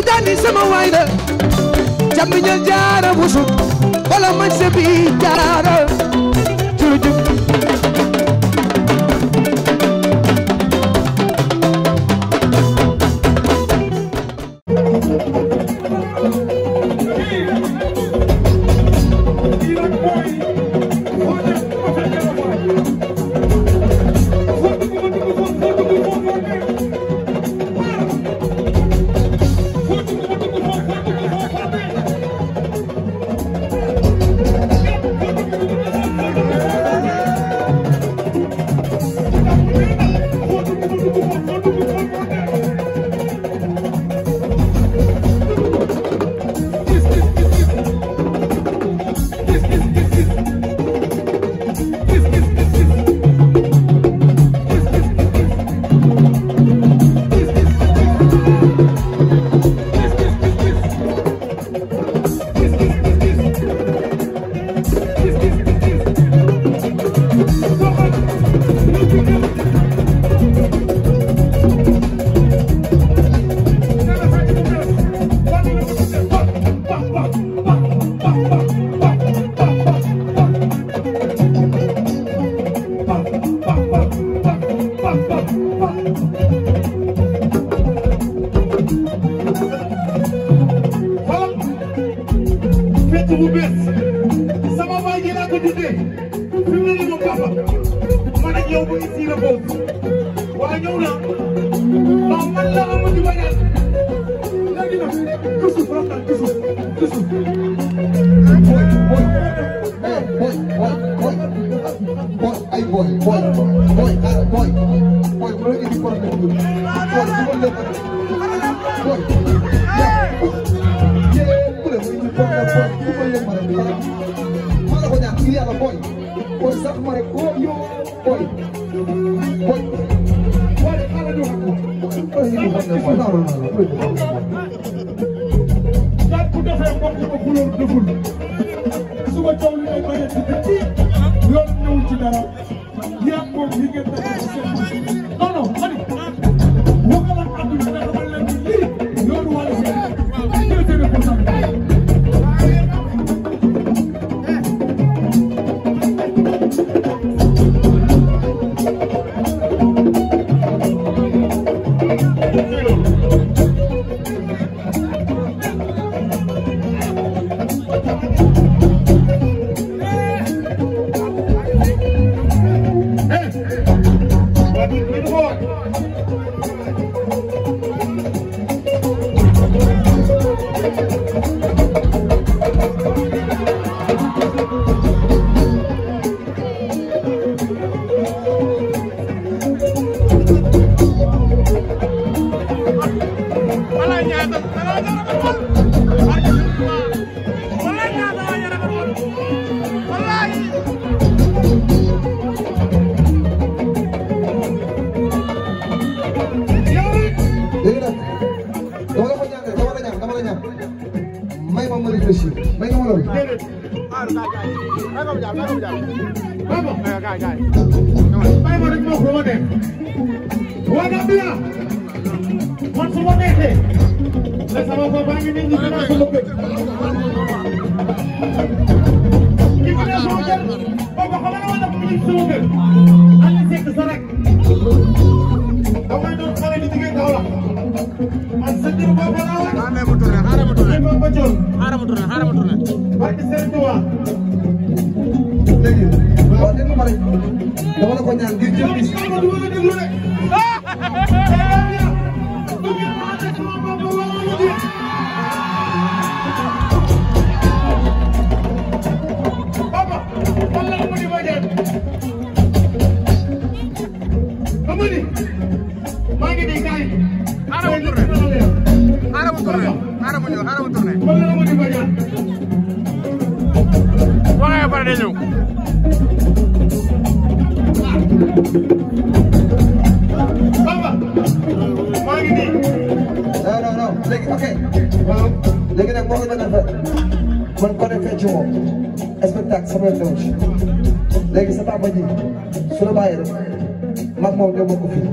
tijaani sama waay la jàmm ñal jaara busuk wala man sebi jaara boobu waaye ñëw na ndax man la amati ba yàlla léegi nag kësu faral kësu kësu. boy ay boy boy boy ay boy boy bu la indi borom lañ boy dugal leen boy yaa bu la indi borom la boy dugal leen borom lañ maa la ko ñaan ngir yàlla boy boy sax ma rek ko yow boy boy wari ala do hakko ko defee mbokk ko kulóor deful suba coow li day bañ a waa Gambia man su ma neexee ne sama bopp a ngi nii ñu gën a sunu bëgg. ñu gën a sunu bëgg boobu xam nga ma tourné xaaral ma tourné xaaral ma tourné xaaral ma tourné xaaral ma tourné. barke Sëriñ Tuuba. léegi waaw dégg nga ma rek dama la ko ñaan ngir ñëw baba maa ngi nii non non non léegi ok léegi nag moo ngi doon affaire man côté feccu moom spectacle sama yoon ñëw ci léegi sa papa ji su la bàyyi rek mag moom ñoo bokk fii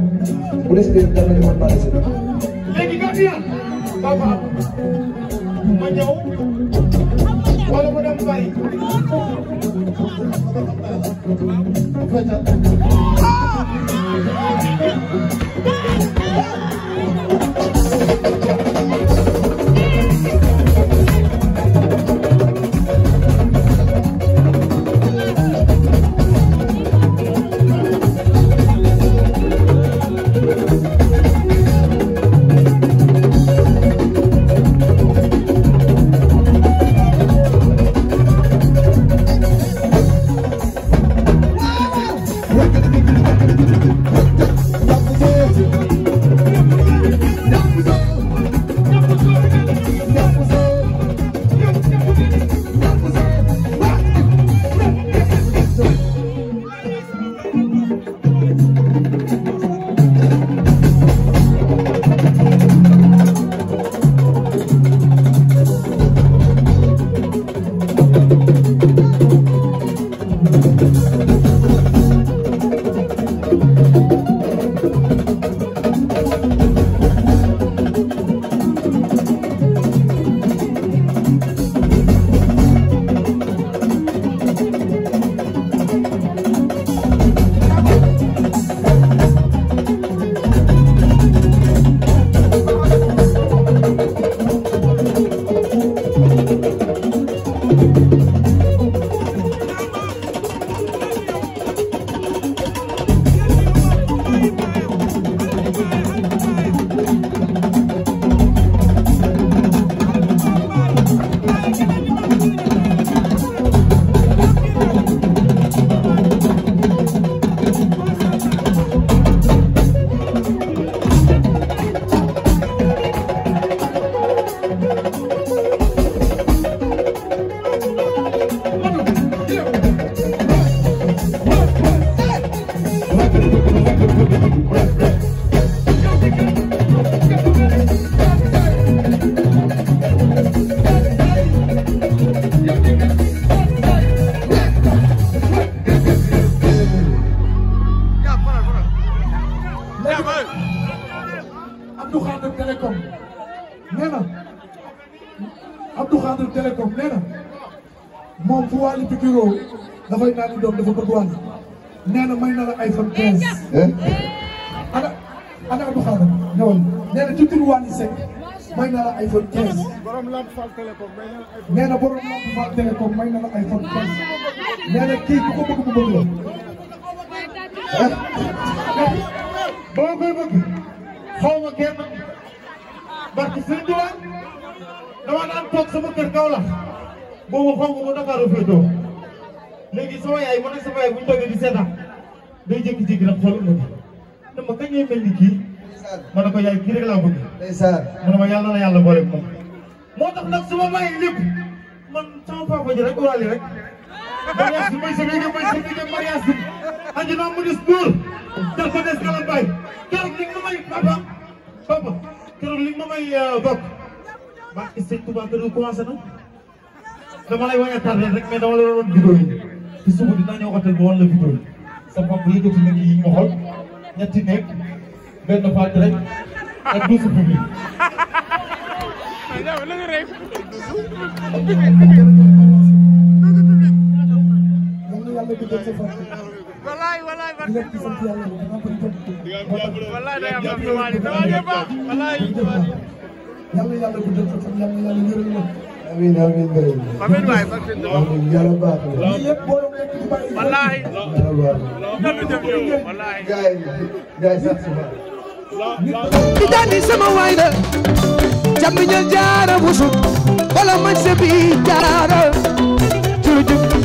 bu des biir dara ñu mën bàyyi si léegi gardien papa ma ñëw Thank you. Abdou Khadir Télécom nee na Abdou Khadir Télécom nee moom fu Wally pikiroo dafay naan doom dafa bëgg Wally nee na may na la iPhone 15. Eh? ana ana Abdou Khadir ñëwal nee na ci turu Wally Seck may na la iPhone 15 nee na borom Lamp Fall Télécom may na la ku ko bëgg boo koy bëgg xaw ma kenn barke Sëriñ Tuuba dama daan toog sama kër Kaolack boobu xaw ma ko Dakar féetoo léegi sama yaay ma ne sama yaay bu ñu toogee di seetaan day jékki-jékki nag xool ëllëg dama kañ mel ni kii ma ne yaay kii rek bëgg. ndeysaan mu yàlla na yàlla boole moom. moo tax nag su ma bàyyi lépp man sama papa ji rek walaale rek mariage bi may sa léegi may sa léegi mariage bi. aji naa mu des góor. dafa des kalam bay keroog li nga may papa papa keroog li nga may euh, bokk ba sëñ Tuubaa keroog commencé na dama lay wañ a tardé rek mais dama la doon vidéo yi te suba dinaa ñëw hôtel bi wan la vidéo yi sa bopp yëkkati nag yi ma xool ñetti nekk benn pàcc rek ak douze public moom la yàlla lépp di sant yàlla bu baax yàlla yàlla bu dee sax yàlla yàlla njëriñ la. amiin amiin amiin. amiin waay sant nañ la. amiin yàlla baax na. lii